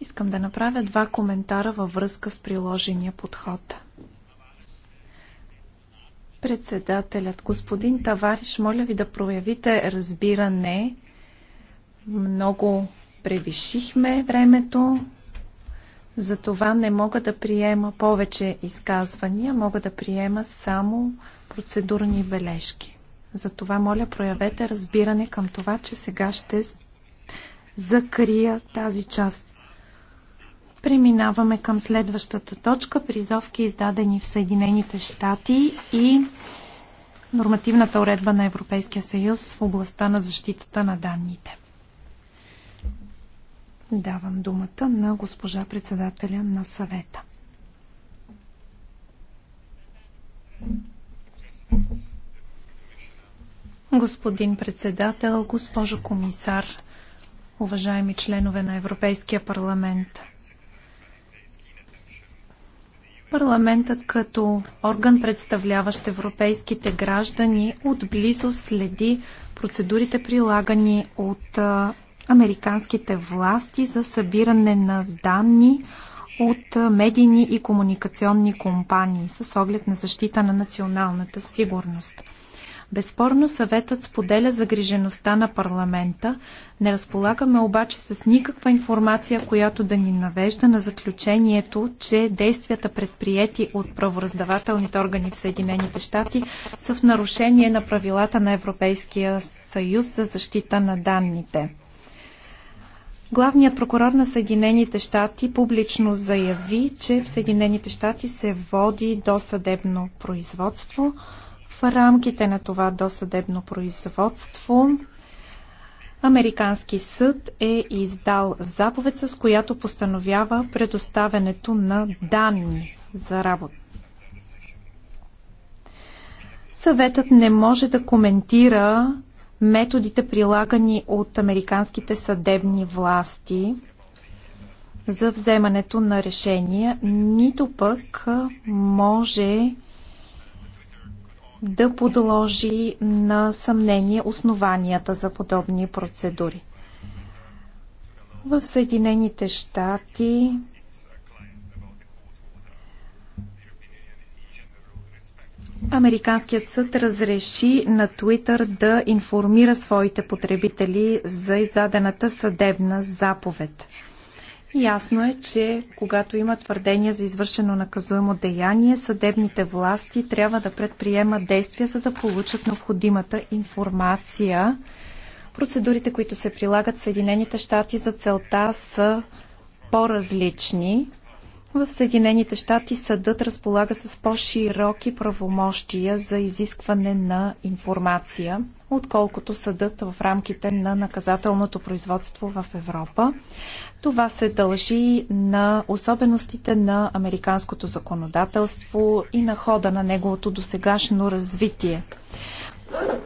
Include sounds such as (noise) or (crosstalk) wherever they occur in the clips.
Искам да направя два коментара във връзка с приложения подход. Председателят, господин Тавариш, моля ви да проявите разбиране. Много превишихме времето, затова не мога да приема повече изказвания, мога да приема само процедурни бележки. Затова моля проявете разбиране към това, че сега ще закрия тази част Преминаваме към следващата точка. Призовки издадени в Съединените щати и нормативната уредба на Европейския съюз в областта на защитата на данните. Давам думата на госпожа председателя на съвета. Господин председател, госпожо комисар, уважаеми членове на Европейския парламент. Парламентът като орган, представляващ европейските граждани, отблизо следи процедурите прилагани от американските власти за събиране на данни от медийни и комуникационни компании с оглед на защита на националната сигурност. Безспорно съветът споделя загрижеността на парламента. Не разполагаме обаче с никаква информация, която да ни навежда на заключението, че действията предприяти от правораздавателните органи в Съединените щати са в нарушение на правилата на Европейския съюз за защита на данните. Главният прокурор на Съединените щати публично заяви, че в Съединените щати се води досъдебно производство – рамките на това досъдебно производство Американски съд е издал заповед, с която постановява предоставянето на данни за работа. Съветът не може да коментира методите прилагани от американските съдебни власти за вземането на решения, нито пък може да подложи на съмнение основанията за подобни процедури. В Съединените щати Американският съд разреши на Twitter да информира своите потребители за издадената съдебна заповед. Ясно е, че когато има твърдение за извършено наказуемо деяние, съдебните власти трябва да предприемат действия, за да получат необходимата информация. Процедурите, които се прилагат в Съединените щати за целта са по-различни. В Съединените щати съдът разполага с по-широки правомощия за изискване на информация, отколкото съдът в рамките на наказателното производство в Европа. Това се дължи на особеностите на американското законодателство и на хода на неговото досегашно развитие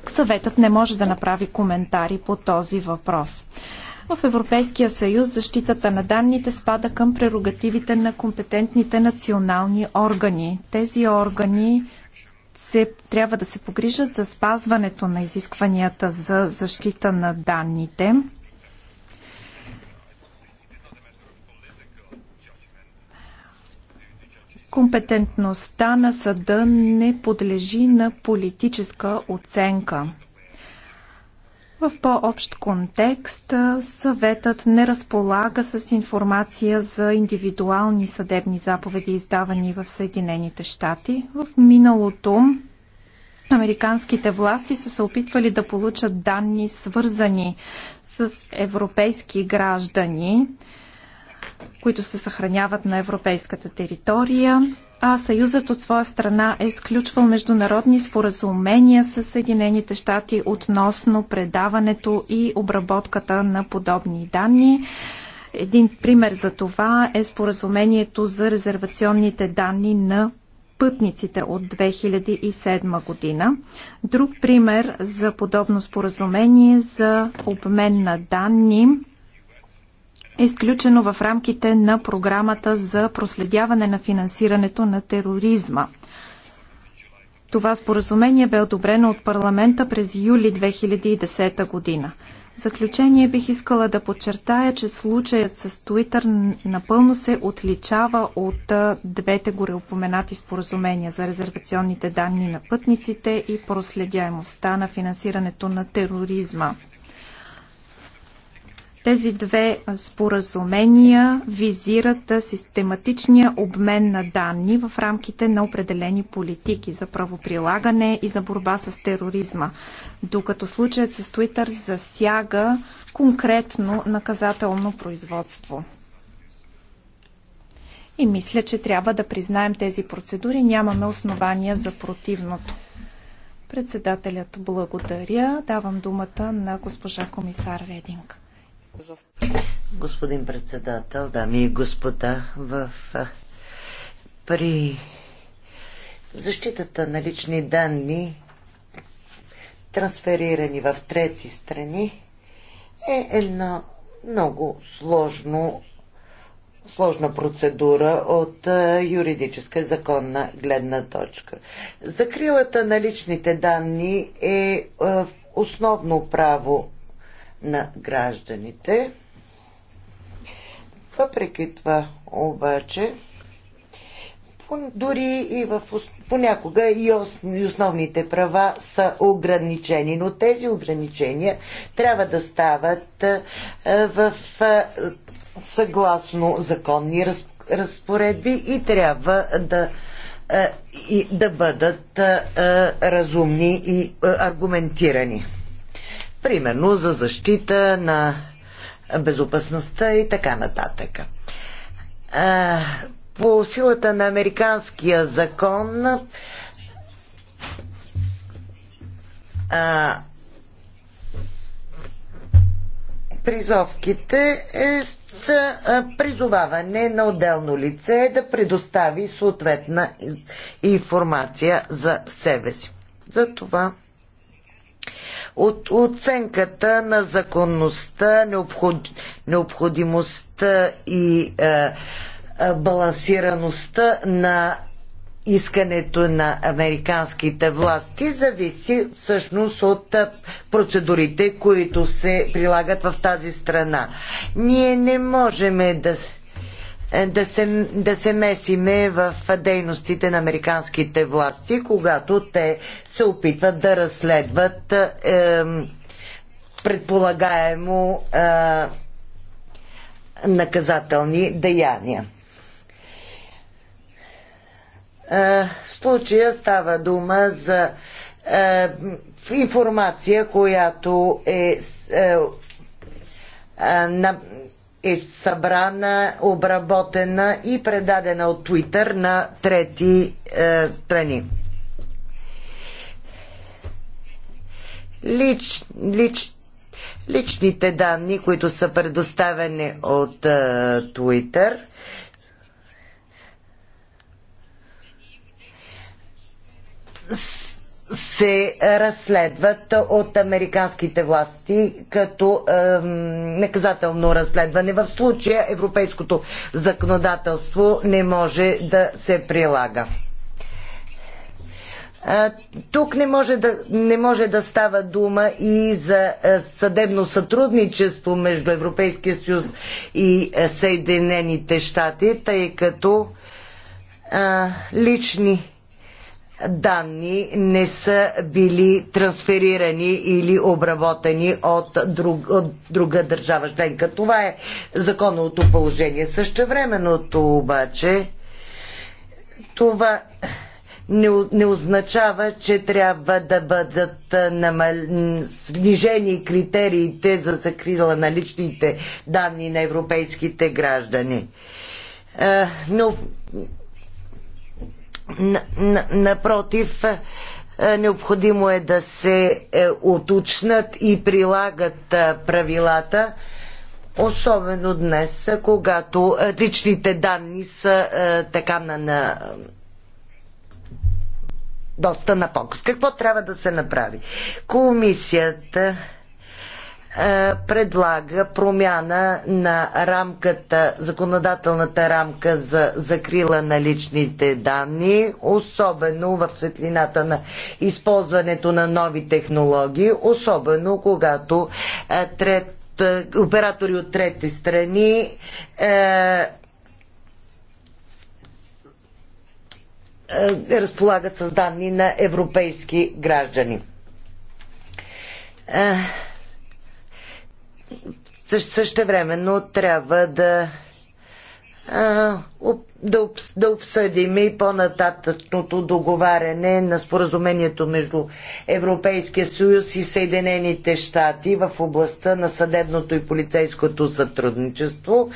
съветът не може да направи коментари по този въпрос. В Европейския съюз защитата на данните спада към прерогативите на компетентните национални органи. Тези органи се, трябва да се погрижат за спазването на изискванията за защита на данните. Компетентността на съда не подлежи на политическа оценка. В по-общ контекст съветът не разполага с информация за индивидуални съдебни заповеди, издавани в Съединените щати. В миналото американските власти са се опитвали да получат данни, свързани с европейски граждани, които се съхраняват на европейската територия, а Съюзът от своя страна е изключвал международни споразумения с Съединените щати относно предаването и обработката на подобни данни. Един пример за това е споразумението за резервационните данни на пътниците от 2007 година. Друг пример за подобно споразумение за обмен на данни е изключено в рамките на програмата за проследяване на финансирането на тероризма. Това споразумение бе одобрено от парламента през юли 2010 година. В заключение бих искала да подчертая, че случаят с Туитър напълно се отличава от двете гореупоменати споразумения за резервационните данни на пътниците и проследяемостта на финансирането на тероризма. Тези две споразумения визират систематичния обмен на данни в рамките на определени политики за правоприлагане и за борба с тероризма, докато случаят с Туитър засяга конкретно наказателно производство. И мисля, че трябва да признаем тези процедури. Нямаме основания за противното. Председателят благодаря. Давам думата на госпожа комисар Рединг. Господин председател, дами и господа, в, при защитата на лични данни, трансферирани в трети страни, е една много сложно, сложна процедура от юридическа и законна гледна точка. Закрилата на личните данни е основно право на гражданите. Въпреки това обаче, дори и в, понякога и, основните права са ограничени, но тези ограничения трябва да стават е, в е, съгласно законни разпоредби и трябва да е, и да бъдат разумни и аргументирани примерно за защита на безопасността и така нататък. По силата на американския закон призовките е с призоваване на отделно лице да предостави съответна информация за себе си. За това от оценката на законността, необход, необходимостта и е, е, балансираността на искането на американските власти зависи всъщност от е, процедурите, които се прилагат в тази страна. Ние не можем да е, да се, да се месиме в дейностите на американските власти, когато те се опитват да разследват е, предполагаемо е, наказателни деяния. Е, в случая става дума за е, информация, която е. е на, е събрана, обработена и предадена от Твитър на трети е, страни. Лич, лич, личните данни, които са предоставени от е, Твитър, с се разследват от американските власти като е, наказателно разследване. В случая европейското законодателство не може да се прилага. Тук не може, да, не може да става дума и за е, съдебно сътрудничество между Европейския съюз и е, Съединените щати, тъй като а, лични данни не са били трансферирани или обработени от, друг, от друга държава членка. Това е законовото положение. Същевременното обаче това не, не означава, че трябва да бъдат намал... снижени критериите за закрила на личните данни на европейските граждани. Но Напротив, е, необходимо е да се е, уточнат и прилагат е, правилата, особено днес, когато личните данни са така на, на доста на фокус. Какво трябва да се направи? Комисията е, предлага промяна на рамката, законодателната рамка за закрила на личните данни, особено в светлината на използването на нови технологии, особено когато е, трет, е, оператори от трети страни е, разполагат с данни на европейски граждани. Същевременно трябва да да, да обсъдим и по-нататъчното договаряне на споразумението между Европейския съюз и Съединените щати в областта на съдебното и полицейското сътрудничество,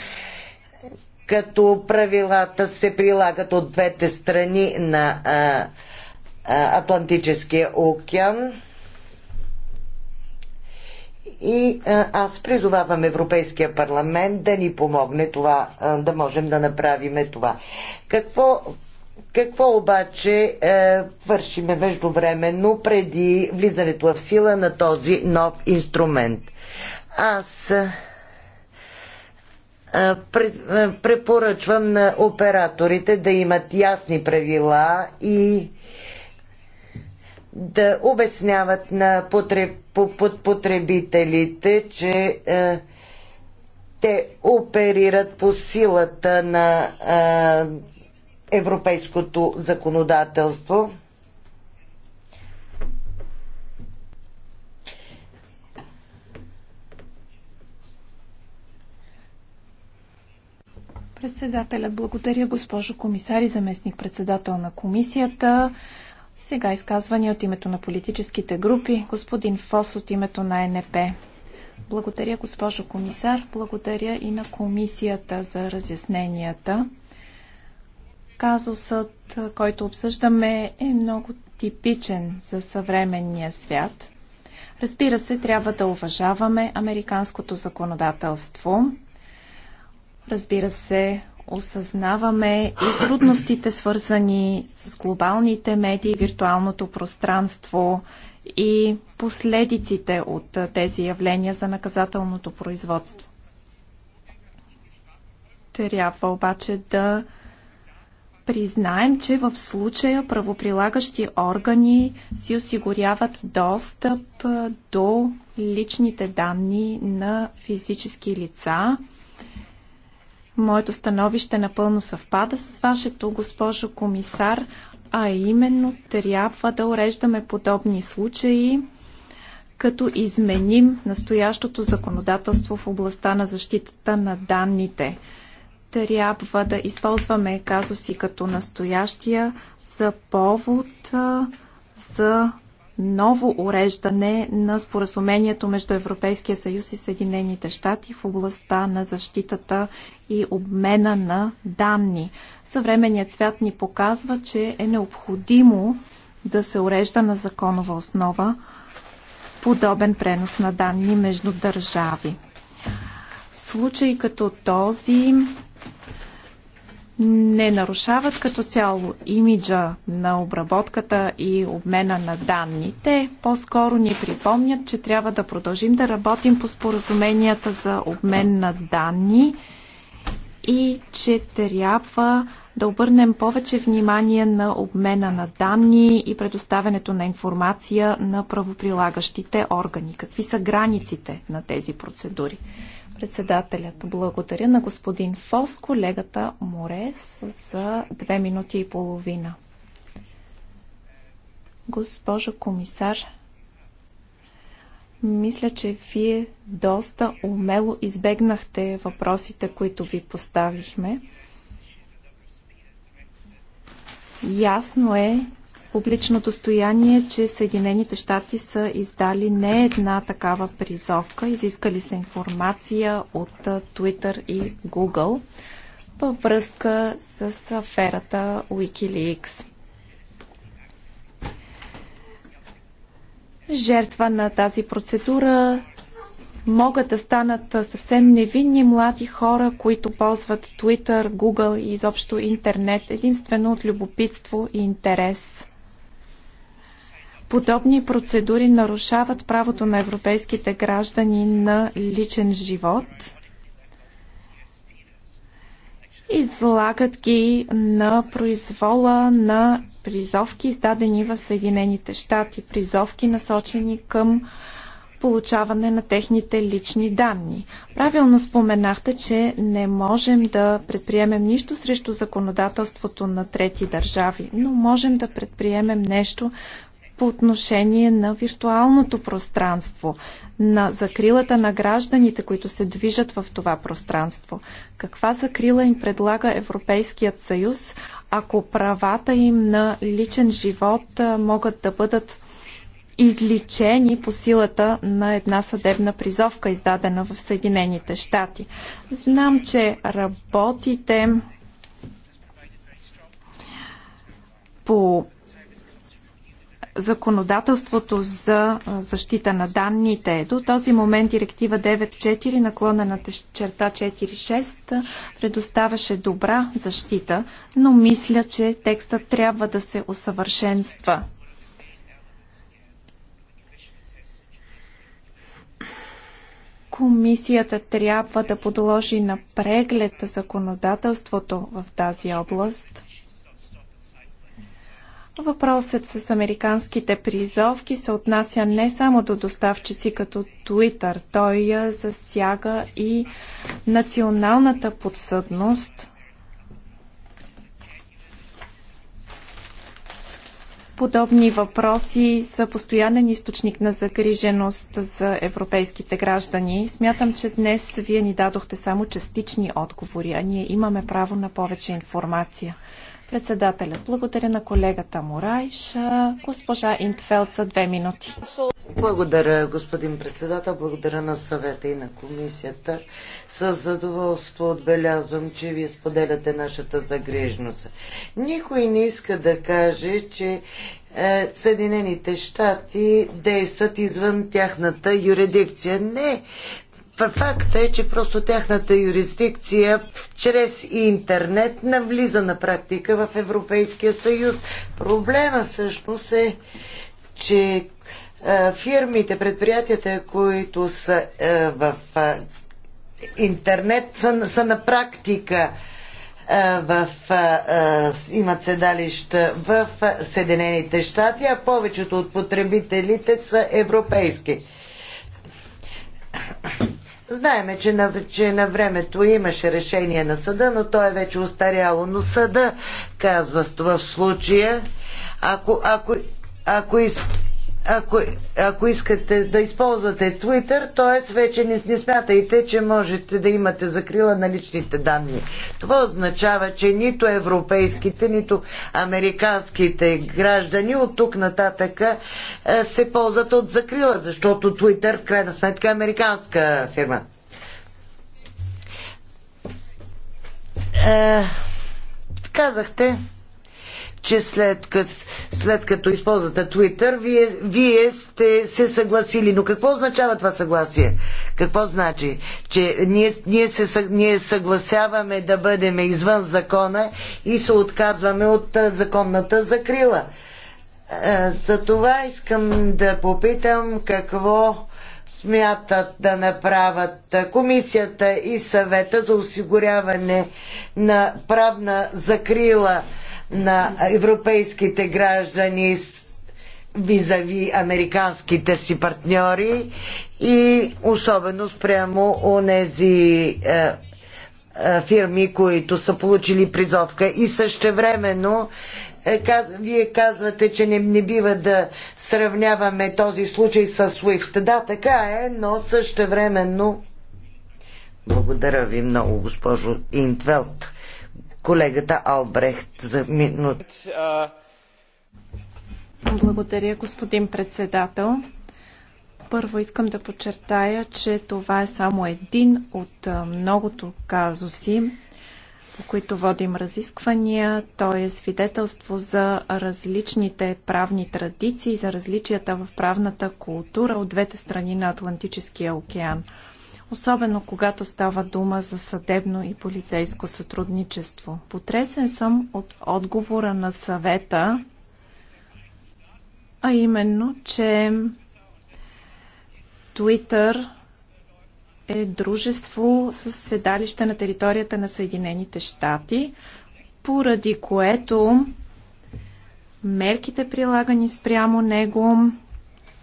като правилата се прилагат от двете страни на а, а, Атлантическия океан и аз призовавам Европейския парламент да ни помогне това, да можем да направим това. Какво какво обаче е, вършиме междувременно преди влизането в сила на този нов инструмент? Аз е, е, е, препоръчвам на операторите да имат ясни правила и да обясняват на потребителите, че е, те оперират по силата на е, европейското законодателство. Председателя, благодаря госпожо комисар и заместник председател на комисията. Сега изказвания от името на политическите групи. Господин Фос от името на НП. Благодаря, госпожо комисар. Благодаря и на комисията за разясненията. Казусът, който обсъждаме, е много типичен за съвременния свят. Разбира се, трябва да уважаваме американското законодателство. Разбира се, осъзнаваме и трудностите, свързани с глобалните медии, виртуалното пространство и последиците от тези явления за наказателното производство. Трябва обаче да признаем, че в случая правоприлагащи органи си осигуряват достъп до личните данни на физически лица – Моето становище напълно съвпада с вашето, госпожо комисар, а именно трябва да уреждаме подобни случаи, като изменим настоящото законодателство в областта на защитата на данните. Трябва да използваме казуси като настоящия за повод за ново уреждане на споразумението между Европейския съюз и Съединените щати в областта на защитата и обмена на данни. Съвременният свят ни показва, че е необходимо да се урежда на законова основа подобен пренос на данни между държави. Случаи като този не нарушават като цяло имиджа на обработката и обмена на данните, по-скоро ни припомнят, че трябва да продължим да работим по споразуменията за обмен на данни и че трябва да обърнем повече внимание на обмена на данни и предоставянето на информация на правоприлагащите органи. Какви са границите на тези процедури? Председателят благодаря на господин Фос, колегата Морес, за две минути и половина. Госпожо комисар, мисля, че вие доста умело избегнахте въпросите, които ви поставихме. Ясно е, публичното стояние, че Съединените щати са издали не една такава призовка. Изискали са информация от Twitter и Google във връзка с аферата Wikileaks. Жертва на тази процедура могат да станат съвсем невинни млади хора, които ползват Twitter, Google и изобщо интернет единствено от любопитство и интерес. Подобни процедури нарушават правото на европейските граждани на личен живот. Излагат ги на произвола на призовки, издадени в Съединените щати, призовки насочени към получаване на техните лични данни. Правилно споменахте, че не можем да предприемем нищо срещу законодателството на трети държави, но можем да предприемем нещо по отношение на виртуалното пространство, на закрилата на гражданите, които се движат в това пространство. Каква закрила им предлага Европейският съюз, ако правата им на личен живот могат да бъдат изличени по силата на една съдебна призовка, издадена в Съединените щати. Знам, че работите по законодателството за защита на данните. До този момент директива 9.4 наклона на черта 4.6 предоставяше добра защита, но мисля, че текстът трябва да се усъвършенства. комисията трябва да подложи на преглед законодателството в тази област. Въпросът с американските призовки се отнася не само до доставчици като Twitter. Той я засяга и националната подсъдност. Подобни въпроси са постоянен източник на загриженост за европейските граждани. Смятам, че днес вие ни дадохте само частични отговори, а ние имаме право на повече информация. Председателят, благодаря на колегата Морайш. Госпожа Интфелд за две минути. Благодаря, господин председател. Благодаря на съвета и на комисията. С задоволство отбелязвам, че вие споделяте нашата загрежност. Никой не иска да каже, че е, Съединените щати действат извън тяхната юридикция. Не, Факт е, че просто тяхната юрисдикция чрез интернет навлиза на практика в Европейския съюз. Проблема всъщност е, че фирмите, предприятията, които са в интернет, са, са на практика в, имат седалища в Съединените щати, а повечето от потребителите са европейски. Знаеме, че на, че на времето имаше решение на съда, но то е вече устаряло. Но съда казва в случая, ако, ако, ако, из, ако, ако искате да използвате Twitter, т.е. вече не, не смятайте, че можете да имате закрила на личните данни. Това означава, че нито европейските, нито американските граждани от тук нататъка е, се ползват от закрила, защото Twitter в крайна сметка е американска фирма. Е, казахте, че след като, след като използвате Twitter, вие, вие сте се съгласили. Но какво означава това съгласие? Какво значи? Че ние, ние, се, ние съгласяваме да бъдем извън закона и се отказваме от законната закрила. За това искам да попитам какво смятат да направят комисията и съвета за осигуряване на правна закрила на европейските граждани визави американските си партньори и особено спрямо онези е, е, фирми, които са получили призовка. И същевременно е, каз, вие казвате, че не, не бива да сравняваме този случай с SWIFT. Да, така е, но същевременно благодаря ви много, госпожо Интвелт колегата Албрехт за минут. Благодаря, господин председател. Първо искам да подчертая, че това е само един от многото казуси, по които водим разисквания. То е свидетелство за различните правни традиции, за различията в правната култура от двете страни на Атлантическия океан – особено когато става дума за съдебно и полицейско сътрудничество. Потресен съм от отговора на съвета, а именно, че Twitter е дружество с седалище на територията на Съединените щати, поради което мерките прилагани спрямо него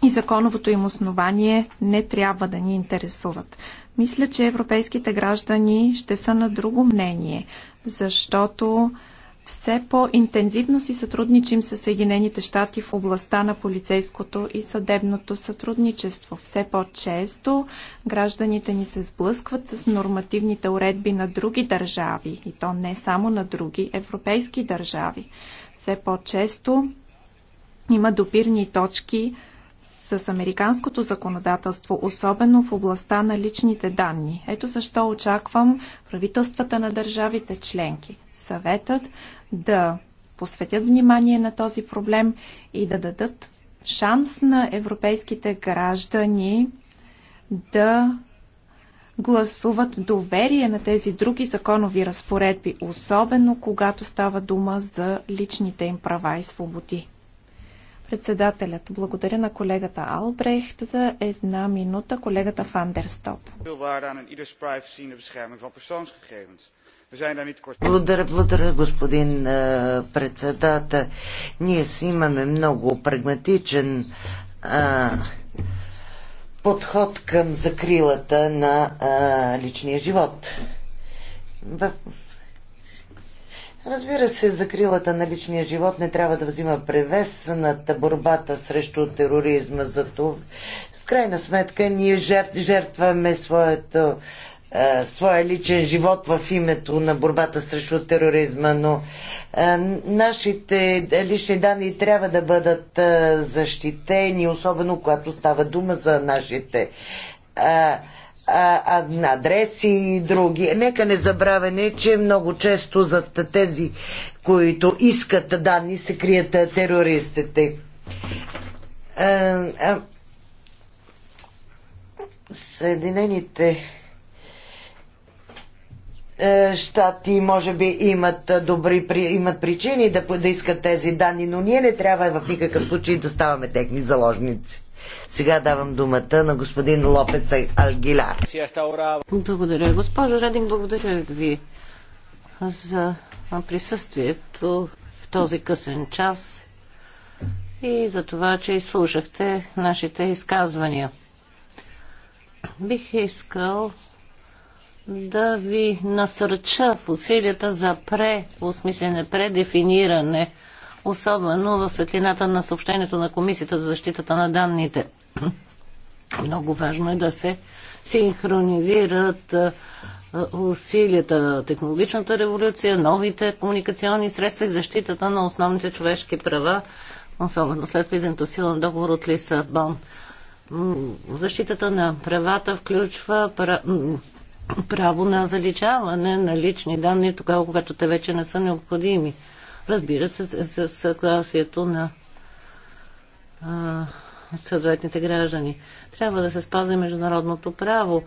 и законовото им основание не трябва да ни интересуват. Мисля, че европейските граждани ще са на друго мнение, защото все по-интензивно си сътрудничим с Съединените щати в областта на полицейското и съдебното сътрудничество. Все по-често гражданите ни се сблъскват с нормативните уредби на други държави, и то не само на други европейски държави. Все по-често има допирни точки с американското законодателство, особено в областта на личните данни. Ето защо очаквам правителствата на държавите членки, съветът да посветят внимание на този проблем и да дадат шанс на европейските граждани да гласуват доверие на тези други законови разпоредби, особено когато става дума за личните им права и свободи. Председателят, благодаря на колегата Албрехт за една минута, колегата Фандерстоп. Благодаря, благодаря, господин е, председател. Ние си имаме много прагматичен а, е, подход към закрилата на а, е, личния живот. В, Разбира се, закрилата на личния живот не трябва да взима превес над борбата срещу тероризма. Зато в крайна сметка ние жертваме своето е, своя личен живот в името на борбата срещу тероризма, но а, е, нашите лични данни трябва да бъдат а, е, защитени, особено когато става дума за нашите а, адреси и други. Нека не забравяме, че много често зад тези, които искат данни, се крият терористите. Съединените щати може би имат добри имат причини да, да искат тези данни, но ние не трябва в никакъв случай да ставаме техни заложници. Сега давам думата на господин Лопец Алгиляр. Благодаря, госпожо Рединг, благодаря ви за присъствието в този късен час и за това, че изслушахте нашите изказвания. Бих искал да ви насърча в усилията за преосмислене, предефиниране особено в светлината на съобщението на Комисията за защитата на данните. Много важно е да се синхронизират усилията, технологичната революция, новите комуникационни средства и защитата на основните човешки права, особено след влизането сила на договор от Лисабон. Защитата на правата включва право на заличаване на лични данни тогава, когато те вече не са необходими. Разбира се, с, съгласието на а, съответните граждани. Трябва да се спазва международното право.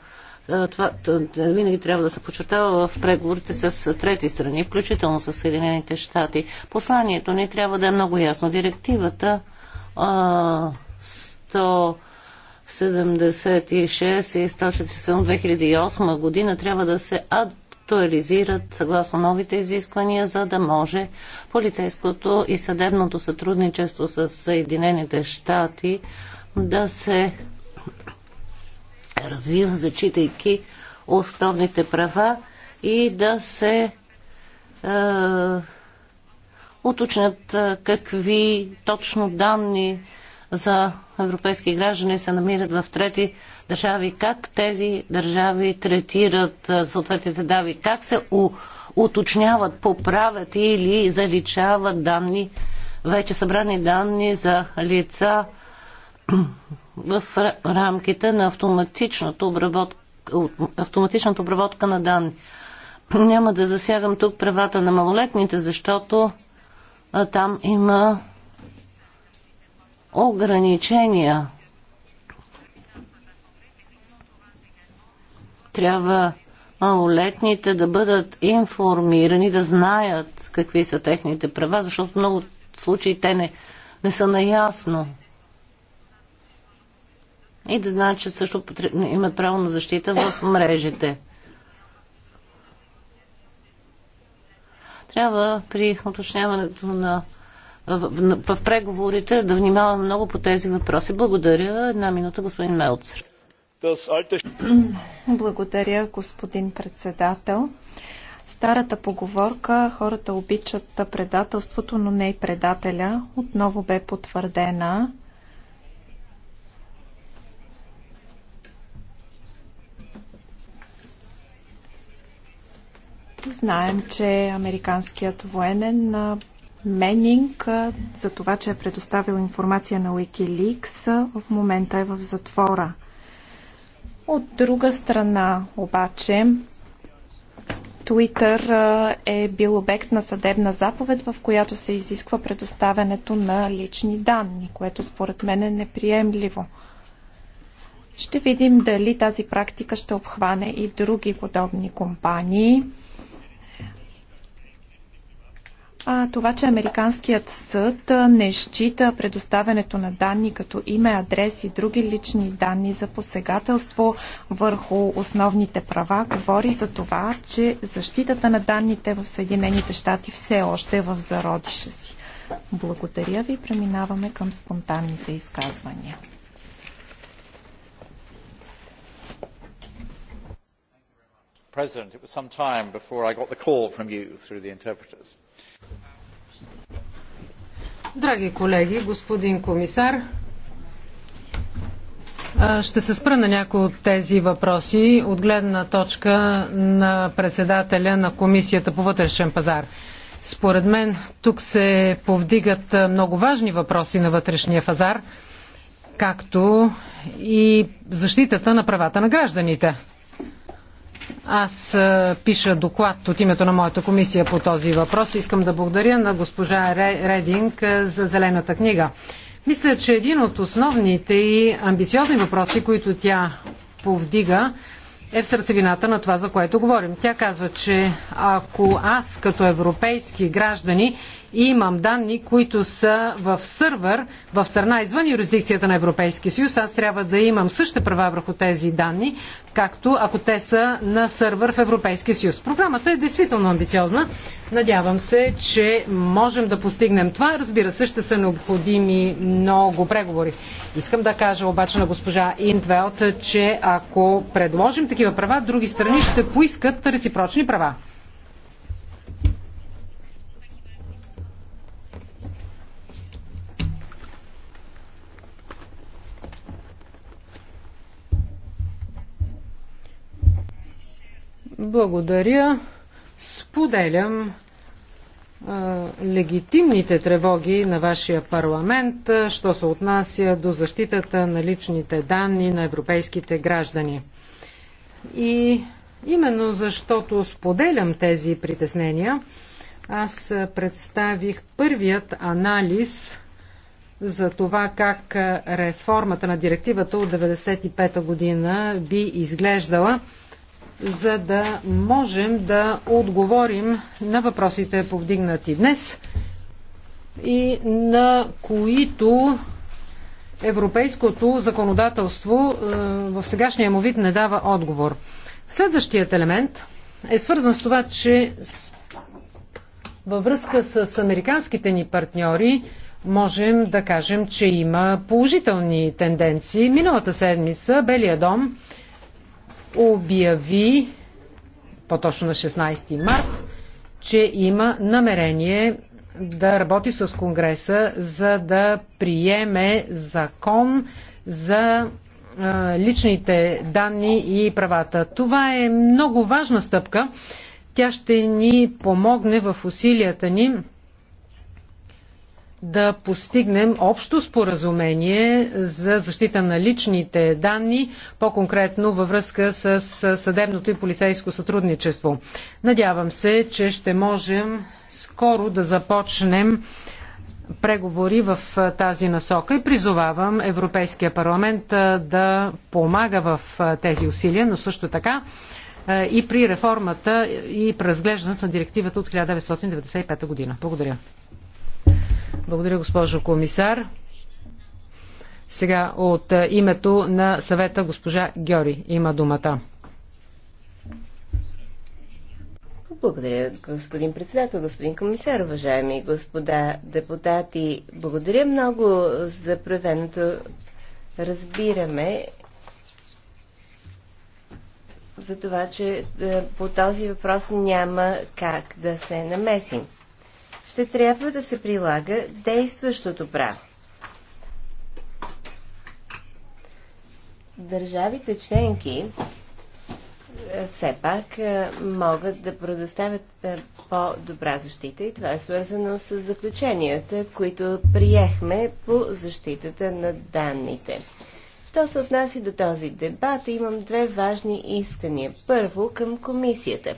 Това винаги трябва да се почертава в преговорите с трети страни, включително с Съединените щати. Посланието ни трябва да е много ясно. Директивата 176 и 147 2008 година трябва да се актуализират съгласно новите изисквания, за да може полицейското и съдебното сътрудничество с Съединените щати да се развива, зачитайки основните права и да се е, уточнят какви точно данни за европейски граждани се намират в трети държави, как тези държави третират съответните дави, как се уточняват, поправят или заличават данни, вече събрани данни за лица (clears throat) в рамките на автоматичната обработка, автоматичната обработка на данни. (clears throat) Няма да засягам тук правата на малолетните, защото там има ограничения трябва малолетните да бъдат информирани, да знаят какви са техните права, защото много случаи те не, не са наясно. И да знаят, че също имат право на защита в мрежите. Трябва при уточняването на в, в преговорите да внимавам много по тези въпроси. Благодаря. Една минута, господин Мелцер. Благодаря, господин председател. Старата поговорка хората обичат предателството, но не и предателя отново бе потвърдена. Знаем, че американският военен Менинг за това, че е предоставил информация на Wikileaks, в момента е в затвора – от друга страна обаче, Twitter е бил обект на съдебна заповед, в която се изисква предоставянето на лични данни, което според мен е неприемливо. Ще видим дали тази практика ще обхване и други подобни компании. А, това, че Американският съд не счита предоставянето на данни като име, адрес и други лични данни за посегателство върху основните права, говори за това, че защитата на данните в Съединените щати все още е в зародиша си. Благодаря ви. Преминаваме към спонтанните изказвания. president it was some time before i got the call from you through the interpreters. Драги колеги, господин комисар, ще се спра на някои от тези въпроси от гледна точка на председателя на Комисията по вътрешен пазар. Според мен тук се повдигат много важни въпроси на вътрешния пазар, както и защитата на правата на гражданите. Аз пиша доклад от името на моята комисия по този въпрос. Искам да благодаря на госпожа Рединг за Зелената книга. Мисля, че един от основните и амбициозни въпроси, които тя повдига, е в сърцевината на това, за което говорим. Тя казва, че ако аз като европейски граждани и имам данни, които са в сървър в страна извън юрисдикцията на Европейския съюз, аз трябва да имам същите права върху тези данни, както ако те са на сървър в Европейския съюз. Програмата е действително амбициозна. Надявам се, че можем да постигнем това. Разбира се, ще са необходими много преговори. Искам да кажа обаче на госпожа Интвелт, че ако предложим такива права, други страни ще поискат реципрочни права. Благодаря. Споделям легитимните тревоги на вашия парламент, що се отнася до защитата на личните данни на европейските граждани. И именно защото споделям тези притеснения, аз представих първият анализ за това как реформата на директивата от 1995 година би изглеждала за да можем да отговорим на въпросите повдигнати днес и на които европейското законодателство е, в сегашния му вид не дава отговор. Следващият елемент е свързан с това, че във връзка с американските ни партньори можем да кажем, че има положителни тенденции. Миналата седмица Белия дом обяви, по-точно на 16 март, че има намерение да работи с Конгреса, за да приеме закон за личните данни и правата. Това е много важна стъпка. Тя ще ни помогне в усилията ни да постигнем общо споразумение за защита на личните данни, по-конкретно във връзка с съдебното и полицейско сътрудничество. Надявам се, че ще можем скоро да започнем преговори в тази насока и призовавам Европейския парламент да помага в тези усилия, но също така и при реформата и разглеждането на директивата от 1995 година. Благодаря. Благодаря, госпожо комисар. Сега от е, името на съвета госпожа Гьори има думата. Благодаря, господин председател, господин комисар, уважаеми господа депутати. Благодаря много за проявеното разбираме за това, че е, по този въпрос няма как да се намесим ще трябва да се прилага действащото право. Държавите членки е, все пак е, могат да предоставят е, по-добра защита и това е свързано с заключенията, които приехме по защитата на данните. Що се отнася до този дебат, имам две важни искания. Първо, към комисията.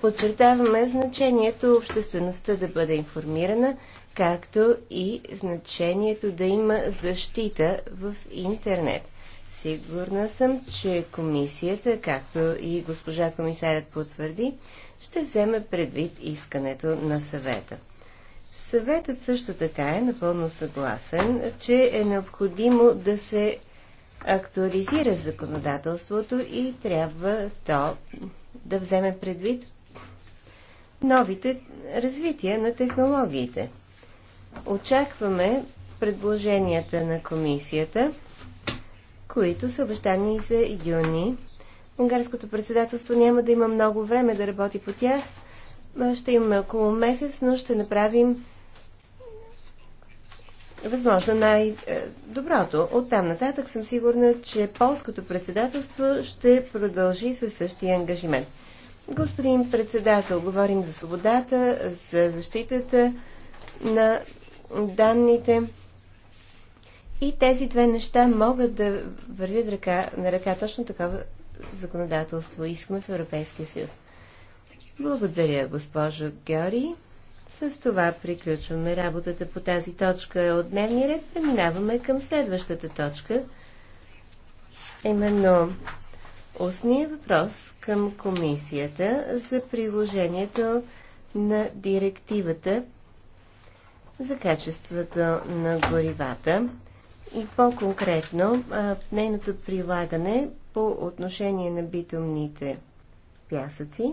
Подчертаваме значението обществеността да бъде информирана, както и значението да има защита в интернет. Сигурна съм, че комисията, както и госпожа комисарят потвърди, ще вземе предвид искането на съвета. Съветът също така е напълно съгласен, че е необходимо да се актуализира законодателството и трябва то да вземе предвид новите развития на технологиите. Очакваме предложенията на комисията, които са обещани за юни. Унгарското председателство няма да има много време да работи по тях. Ще имаме около месец, но ще направим е възможно най-доброто. От там нататък съм сигурна, че полското председателство ще продължи със същия ангажимент. Господин председател, говорим за свободата, за защитата на данните. И тези две неща могат да вървят ръка, на ръка точно такова законодателство искаме в Европейския съюз. Благодаря, госпожо Георги. С това приключваме работата по тази точка от дневния ред. Преминаваме към следващата точка. Именно устния въпрос към комисията за приложението на директивата за качеството на горивата и по-конкретно нейното прилагане по отношение на битумните пясъци.